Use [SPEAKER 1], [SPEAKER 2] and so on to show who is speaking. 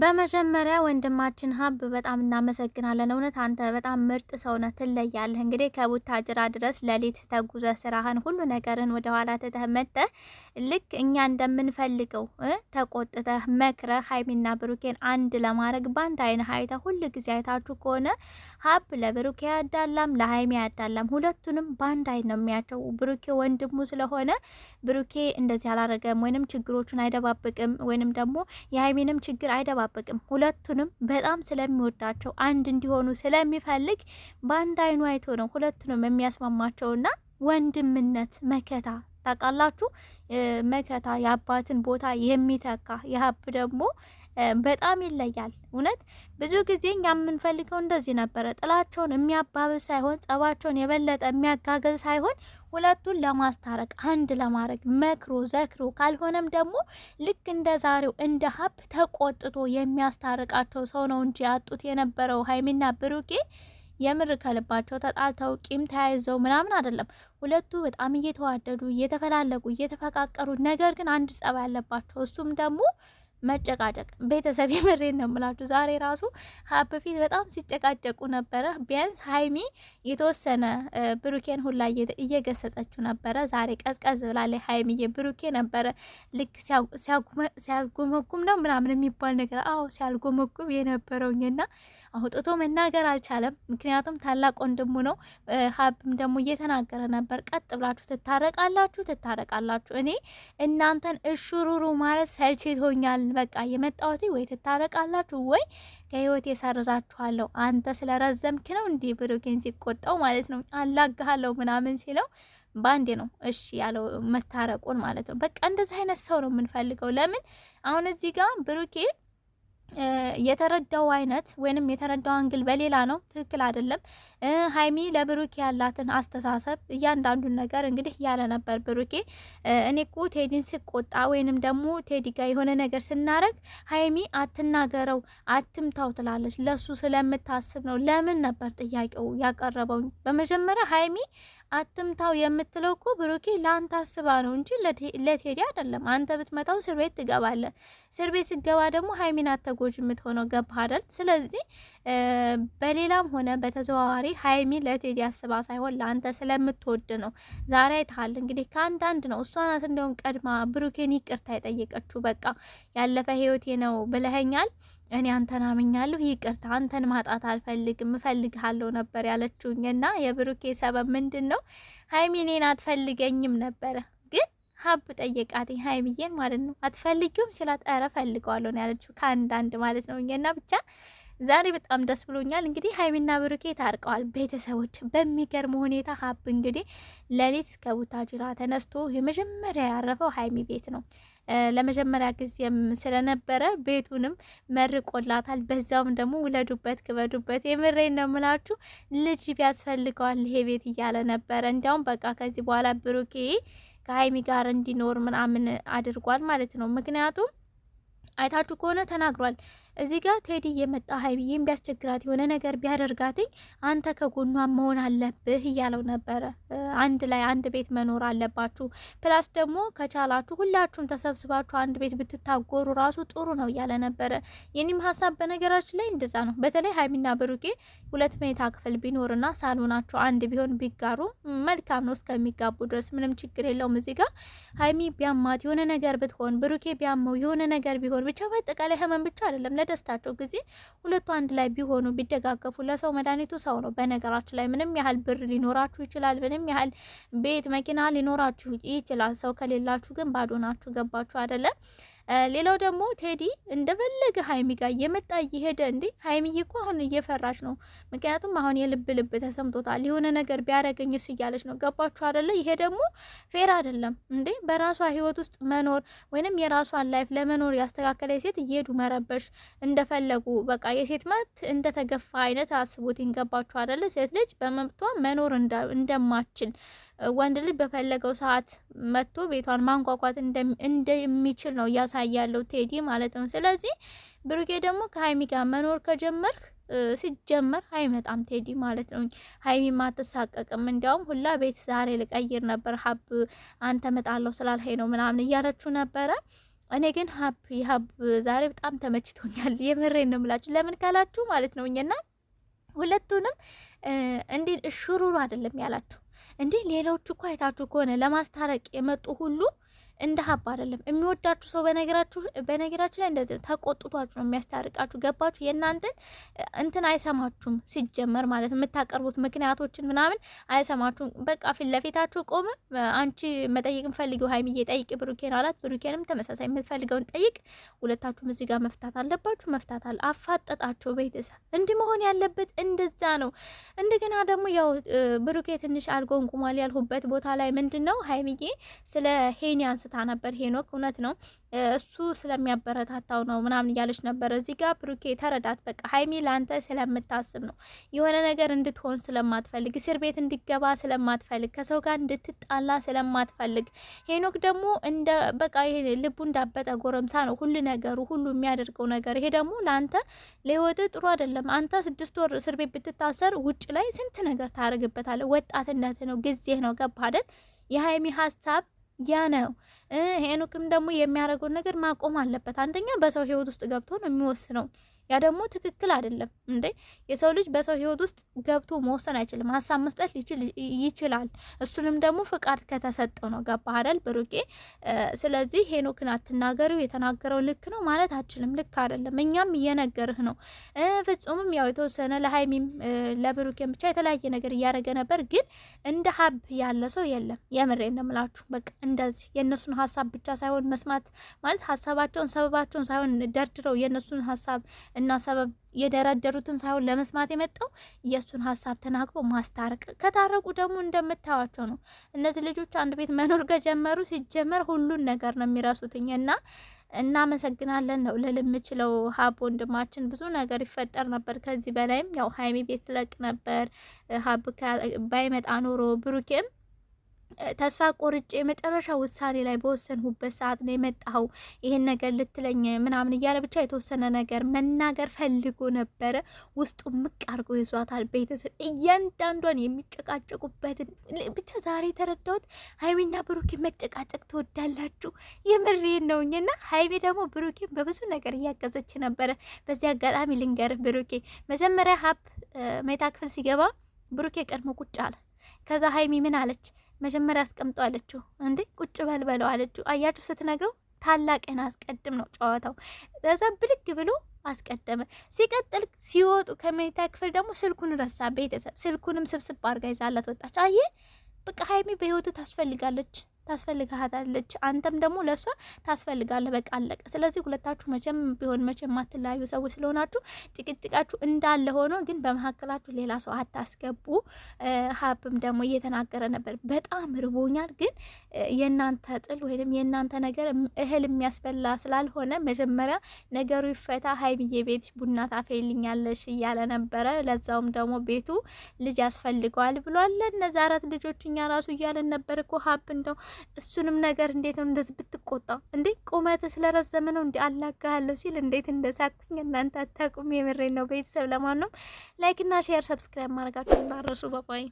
[SPEAKER 1] በመጀመሪያ ወንድማችን ሀብ በጣም እናመሰግናለን። እውነት አንተ በጣም ምርጥ ሰውነት ትለያለህ። እንግዲህ ከቡታጅራ ድረስ ሌሊት ተጉዘ ስራህን ሁሉ ነገርን ወደ ኋላ ትተህ መጥተህ ልክ እኛ እንደምንፈልገው ተቆጥተህ መክረህ ሀይሚና ብሩኬን አንድ ለማድረግ በአንድ አይነ ሀይተ ሁል ጊዜ አይታችሁ ከሆነ ሀብ ለብሩኬ ያዳላም ለሀይሚ ያዳላም ሁለቱንም በአንድ አይን ነው የሚያቸው። ብሩኬ ወንድሙ ስለሆነ ብሩኬ እንደዚህ አላረገም፣ ወይንም ችግሮቹን አይደባብቅም፣ ወይንም ደግሞ የሀይሚንም ችግር አይደባ አይጠባበቅም። ሁለቱንም በጣም ስለሚወዳቸው አንድ እንዲሆኑ ስለሚፈልግ በአንድ አይኑ አይቶ ነው ሁለቱንም የሚያስማማቸውና ወንድምነት መከታ ታውቃላችሁ፣ መከታ የአባትን ቦታ የሚተካ የሀብ ደግሞ በጣም ይለያል። እውነት ብዙ ጊዜ እኛ የምንፈልገው እንደዚህ ነበረ። ጥላቸውን የሚያባብስ ሳይሆን ጸባቸውን የበለጠ የሚያጋገዝ ሳይሆን ሁለቱን ለማስታረቅ አንድ ለማድረግ መክሮ ዘክሮ ካልሆነም ደግሞ ልክ እንደ ዛሬው እንደ ሀብ ተቆጥቶ የሚያስታርቃቸው ሰው ነው እንጂ ያጡት የነበረው ሀይሚና ብሩኬ የምር ከልባቸው ተጣልተው ቂም ተያይዘው ምናምን አይደለም። ሁለቱ በጣም እየተዋደዱ እየተፈላለጉ እየተፈቃቀሩ፣ ነገር ግን አንድ ጸባ ያለባቸው እሱም ደግሞ መጨቃጨቅ ቤተሰብ የምሬን ነው የምላችሁ። ዛሬ ራሱ በፊት በጣም ሲጨቃጨቁ ነበረ። ቢያንስ ሀይሚ የተወሰነ ብሩኬን ሁላ እየገሰጸችው ነበረ። ዛሬ ቀዝቀዝ ብላለ ሀይሚ የብሩኬ ነበረ ልክ ሲያልጎመጉም ነው ምናምን የሚባል ነገር አዎ፣ ሲያልጎመጉም የነበረውኝና አውጥቶ መናገር አልቻለም። ምክንያቱም ታላቅ ወንድሙ ነው። ሀብም ደግሞ እየተናገረ ነበር። ቀጥ ብላችሁ ትታረቃላችሁ፣ ትታረቃላችሁ። እኔ እናንተን እሹሩሩ ማለት ሰልችቶኛል። በቃ የመጣሁት ወይ ትታረቃላችሁ ወይ ከህይወት የሰርዛችኋለሁ። አንተ ስለረዘምክ ነው እንዲህ ብሩኬን ሲቆጣው ማለት ነው አላግሃለሁ ምናምን ሲለው ባንዴ ነው እሺ ያለው መታረቁን ማለት ነው። በቃ እንደዚህ አይነት ሰው ነው የምንፈልገው። ለምን አሁን እዚህ ጋር ብሩኬ የተረዳው አይነት ወይንም የተረዳው አንግል በሌላ ነው፣ ትክክል አይደለም። ሀይሚ ለብሩኪ ያላትን አስተሳሰብ እያንዳንዱን ነገር እንግዲህ ያለ ነበር ብሩኬ። እኔ እኮ ቴዲን ስቆጣ ወይንም ደግሞ ቴዲ ጋር የሆነ ነገር ስናረግ ሀይሚ አትናገረው፣ አትምታው ትላለች። ለሱ ስለምታስብ ነው። ለምን ነበር ጥያቄው ያቀረበው በመጀመሪያ ሀይሚ አትምታው የምትለው እኮ ብሩኬ ለአንተ አስባ ነው እንጂ ለቴዲ አይደለም። አንተ ብትመታው እስር ቤት ትገባለህ። እስር ቤት ስገባ ደግሞ ሀይሚን አተጎጅ የምትሆነው ገባህ አይደል? ስለዚህ በሌላም ሆነ በተዘዋዋሪ ሀይሚ ለቴዲ አስባ ሳይሆን ለአንተ ስለምትወድ ነው። ዛሬ አይተሃል እንግዲህ ከአንዳንድ ነው እሷ ናት እንደውም ቀድማ ብሩኬን ይቅርታ የጠየቀችው። በቃ ያለፈ ህይወቴ ነው ብለኸኛል እኔ አንተን አምኛለሁ፣ ይቅርታ አንተን ማጣት አልፈልግም፣ እፈልግሃለሁ ነበር ያለችውኝ እና የብሩኬ ሰበብ ምንድን ነው? ሀይሚኔን አትፈልገኝም ነበረ፣ ግን ሀብ ጠየቃት ሀይሚዬን ማለት ነው። አትፈልጊውም ሲላት ኧረ እፈልገዋለሁ ነው ያለችው፣ ከአንዳንድ ማለት ነው እና ብቻ ዛሬ በጣም ደስ ብሎኛል። እንግዲህ ሀይሚና ብሩኬ ታርቀዋል። ቤተሰቦች በሚገርም ሁኔታ ሀብ እንግዲህ ሌሊት ከቡታጅራ ተነስቶ የመጀመሪያ ያረፈው ሀይሚ ቤት ነው። ለመጀመሪያ ጊዜም ስለነበረ ቤቱንም መርቆላታል። በዛውም ደግሞ ውለዱበት፣ ክበዱበት የምሬ ነው ምላችሁ ልጅ ቢያስፈልገዋል ይሄ ቤት እያለ ነበረ። እንዲያውም በቃ ከዚህ በኋላ ብሩኬ ከሀይሚ ጋር እንዲኖር ምናምን አድርጓል ማለት ነው። ምክንያቱም አይታችሁ ከሆነ ተናግሯል። እዚህ ጋር ቴዲ የመጣ ሀይሚዬም ቢያስቸግራት የሆነ ነገር ቢያደርጋትኝ አንተ ከጎኗ መሆን አለብህ እያለው ነበረ። አንድ ላይ አንድ ቤት መኖር አለባችሁ፣ ፕላስ ደግሞ ከቻላችሁ ሁላችሁም ተሰብስባችሁ አንድ ቤት ብትታጎሩ ራሱ ጥሩ ነው እያለ ነበረ። የኔም ሀሳብ በነገራችን ላይ እንደዛ ነው። በተለይ ሀይሚና ብሩኬ ሁለት መኝታ ክፍል ቢኖርና ሳሎናቸው አንድ ቢሆን ቢጋሩ መልካም ነው። እስከሚጋቡ ድረስ ምንም ችግር የለውም። እዚህ ጋር ሀይሚ ቢያማት የሆነ ነገር ብትሆን፣ ብሩኬ ቢያመው የሆነ ነገር ቢሆን፣ ብቻ በአጠቃላይ ህመም ብቻ አይደለም ለደስታቸው ጊዜ ሁለቱ አንድ ላይ ቢሆኑ ቢደጋገፉ፣ ለሰው መድኃኒቱ ሰው ነው። በነገራችን ላይ ምንም ያህል ብር ሊኖራችሁ ይችላል፣ ምንም ያህል ቤት መኪና ሊኖራችሁ ይችላል። ሰው ከሌላችሁ ግን ባዶ ናችሁ። ገባችሁ አይደለም? ሌላው ደግሞ ቴዲ እንደፈለገ ሀይሚ ጋር እየመጣ እየሄደ እንዴ ሀይሚዬ እኮ አሁን እየፈራች ነው። ምክንያቱም አሁን የልብ ልብ ተሰምቶታል። የሆነ ነገር ቢያረገኝ እርስ እያለች ነው። ገባችሁ አደለ? ይሄ ደግሞ ፌር አደለም እንዴ። በራሷ ህይወት ውስጥ መኖር ወይንም የራሷን ላይፍ ለመኖር ያስተካከለ ሴት እየሄዱ መረበሽ እንደፈለጉ በቃ የሴት መብት እንደተገፋ አይነት አስቡት። ገባችሁ አደለ? ሴት ልጅ በመብቷ መኖር እንደማችል ወንድ ልጅ በፈለገው ሰዓት መጥቶ ቤቷን ማንኳኳት እንደሚችል ነው እያሳያለው ቴዲ ማለት ነው። ስለዚህ ብሩኬ ደግሞ ከሀይሚ ጋር መኖር ከጀመርክ ሲጀመር አይመጣም ቴዲ ማለት ነው። ሀይሚም አትሳቀቅም። እንዲያውም ሁላ ቤት ዛሬ ልቀይር ነበር ሀብ አንተ መጣለሁ ስላልሀይ ነው ምናምን እያለችው ነበረ። እኔ ግን ሀብ የሀብ ዛሬ በጣም ተመችቶኛል። የምሬ ነው የምላችሁ። ለምን ካላችሁ ማለት ነው እኛና ሁለቱንም እንዲህ እሽሩሩ አይደለም ያላችሁ እንዴ ሌሎቹ እኮ አይታችሁ ከሆነ ለማስታረቅ የመጡ ሁሉ እንደ ሀብ አይደለም የሚወዳችሁ ሰው በነገራችሁ በነገራችሁ ላይ እንደዚህ ነው፣ ተቆጥቷችሁ ነው የሚያስታርቃችሁ። ገባችሁ? የእናንተን እንትን አይሰማችሁም ሲጀመር ማለት ነው። የምታቀርቡት ምክንያቶችን ምናምን አይሰማችሁም። በቃ ፊት ለፊታችሁ ቆመ። አንቺ መጠየቅ የምፈልገው ሀይሚዬ ጠይቅ ብሩኬን አላት። ብሩኬንም ተመሳሳይ የምትፈልገውን ጠይቅ። ሁለታችሁም እዚህ ጋር መፍታት አለባችሁ። መፍታት አለ አፋጠጣቸው። ቤተሰብ እንዲህ መሆን ያለበት እንደዛ ነው። እንደገና ደግሞ ያው ብሩኬ ትንሽ አልጎንቁማል ያልሁበት ቦታ ላይ ምንድን ነው ሀይሚዬ ስለ ሄኒ አንስታ ነበር። ሄኖክ እውነት ነው እሱ ስለሚያበረታታው ነው ምናምን እያለች ነበር። እዚህ ጋር ብሩኬ ተረዳት። በቃ ሀይሚ ለአንተ ስለምታስብ ነው የሆነ ነገር እንድትሆን ስለማትፈልግ፣ እስር ቤት እንዲገባ ስለማትፈልግ፣ ከሰው ጋር እንድትጣላ ስለማትፈልግ። ሄኖክ ደግሞ እንደ በቃ ልቡ እንዳበጠ ጎረምሳ ነው ሁሉ ነገሩ ሁሉ የሚያደርገው ነገር። ይሄ ደግሞ ለአንተ ለህይወት ጥሩ አይደለም። አንተ ስድስት ወር እስር ቤት ብትታሰር ውጭ ላይ ስንት ነገር ታደርግበታለህ። ወጣትነት ነው፣ ጊዜህ ነው። ገባህ አይደል? የሀይሚ ሀሳብ ያ ነው። ሄኖክም ደግሞ የሚያደርገውን ነገር ማቆም አለበት። አንደኛ በሰው ህይወት ውስጥ ገብቶ ነው የሚወስነው። ያ ደግሞ ትክክል አይደለም እንዴ! የሰው ልጅ በሰው ህይወት ውስጥ ገብቶ መወሰን አይችልም። ሀሳብ መስጠት ይችላል። እሱንም ደግሞ ፍቃድ ከተሰጠው ነው። ገባህ አይደል ስለዚህ ሄኖክን አትናገሪው፣ የተናገረው ልክ ነው ማለት አችልም። ልክ አይደለም። እኛም እየነገርህ ነው። ፍጹምም ያው የተወሰነ ለሀይሚም ለብሩኬም ብቻ የተለያየ ነገር እያደረገ ነበር፣ ግን እንደ ሀብ ያለ ሰው የለም። የምሬ እንደምላችሁ በቃ እንደዚህ የእነሱን ሀሳብ ብቻ ሳይሆን መስማት ማለት ሀሳባቸውን ሰበባቸውን ሳይሆን ደርድረው የእነሱን ሀሳብ እና ሰበብ የደረደሩትን ሳይሆን ለመስማት የመጣው የእሱን ሀሳብ ተናግሮ ማስታረቅ። ከታረቁ ደግሞ እንደምታዋቸው ነው። እነዚህ ልጆች አንድ ቤት መኖር ከጀመሩ ሲጀመር ሁሉን ነገር ነው የሚረሱትኝ እና እናመሰግናለን ነው ልል የምችለው። ሀብ ወንድማችን ብዙ ነገር ይፈጠር ነበር ከዚህ በላይም ያው ሀይሚ ቤት ትለቅ ነበር ሀብ ባይመጣ ኖሮ ብሩኬም ተስፋ ቆርጬ የመጨረሻ ውሳኔ ላይ በወሰንሁበት ሰዓት ነው የመጣኸው፣ ይህን ነገር ልትለኝ ምናምን እያለ ብቻ የተወሰነ ነገር መናገር ፈልጎ ነበረ። ውስጡ ምቅ አድርጎ ይዟታል። ቤተሰብ እያንዳንዷን የሚጨቃጨቁበትን ብቻ ዛሬ የተረዳሁት ሀይሚና ብሩኬ መጨቃጨቅ ትወዳላችሁ። የምሬን ነው እና ሀይሚ ደግሞ ብሩኬን በብዙ ነገር እያገዘች ነበረ። በዚህ አጋጣሚ ልንገር ብሩኬ መጀመሪያ ሀብ መኝታ ክፍል ሲገባ ብሩኬ ቀድሞ ቁጭ አለ። ከዛ ሀይሚ ምን አለች? መጀመሪያ አስቀምጠው አለችው። እንዴ ቁጭ በል በለው አለችው። አያችሁ ስትነግረው ታላቅን አስቀድም ነው ጨዋታው። እዛ ብልግ ብሎ አስቀደመ። ሲቀጥል ሲወጡ ከመኝታ ክፍል ደግሞ ስልኩን ረሳ። ቤተሰብ ስልኩንም ስብስብ አድርጋ ይዛላት ወጣች። አየ በቃ ሀይሚ በህይወቱ ታስፈልጋለች። ታስፈልግሃታለች፣ አንተም ደግሞ ለእሷ ታስፈልጋለህ። በቃ አለቀ። ስለዚህ ሁለታችሁ መቼም ቢሆን መቼም ማትለያዩ ሰዎች ስለሆናችሁ ጭቅጭቃችሁ እንዳለ ሆኖ ግን በመካከላችሁ ሌላ ሰው አታስገቡ። ሀብም ደግሞ እየተናገረ ነበር፣ በጣም ርቦኛል፣ ግን የእናንተ ጥል ወይም የእናንተ ነገር እህል የሚያስበላ ስላልሆነ መጀመሪያ ነገሩ ይፈታ፣ ሀይሚዬ ቤት ቡና ታፈይልኛለሽ እያለ ነበረ። ለዛውም ደግሞ ቤቱ ልጅ ያስፈልገዋል ብሏል። እነዚ አራት ልጆች እኛ ራሱ እያለን ነበር እኮ ሀብ እንደው እሱንም ነገር እንዴት ነው እንደዚህ ብትቆጣ እንዴ? ቁመት ስለረዘመ ነው እንዲ አላጋሃለሁ ሲል እንዴት እንደሳኩኝ እናንተ አታቁም። የምሬ ነው። ቤተሰብ ለማንም ላይክ እና ሼር፣ ሰብስክራይብ ማድረጋችሁ እንዳረሱ ባባይ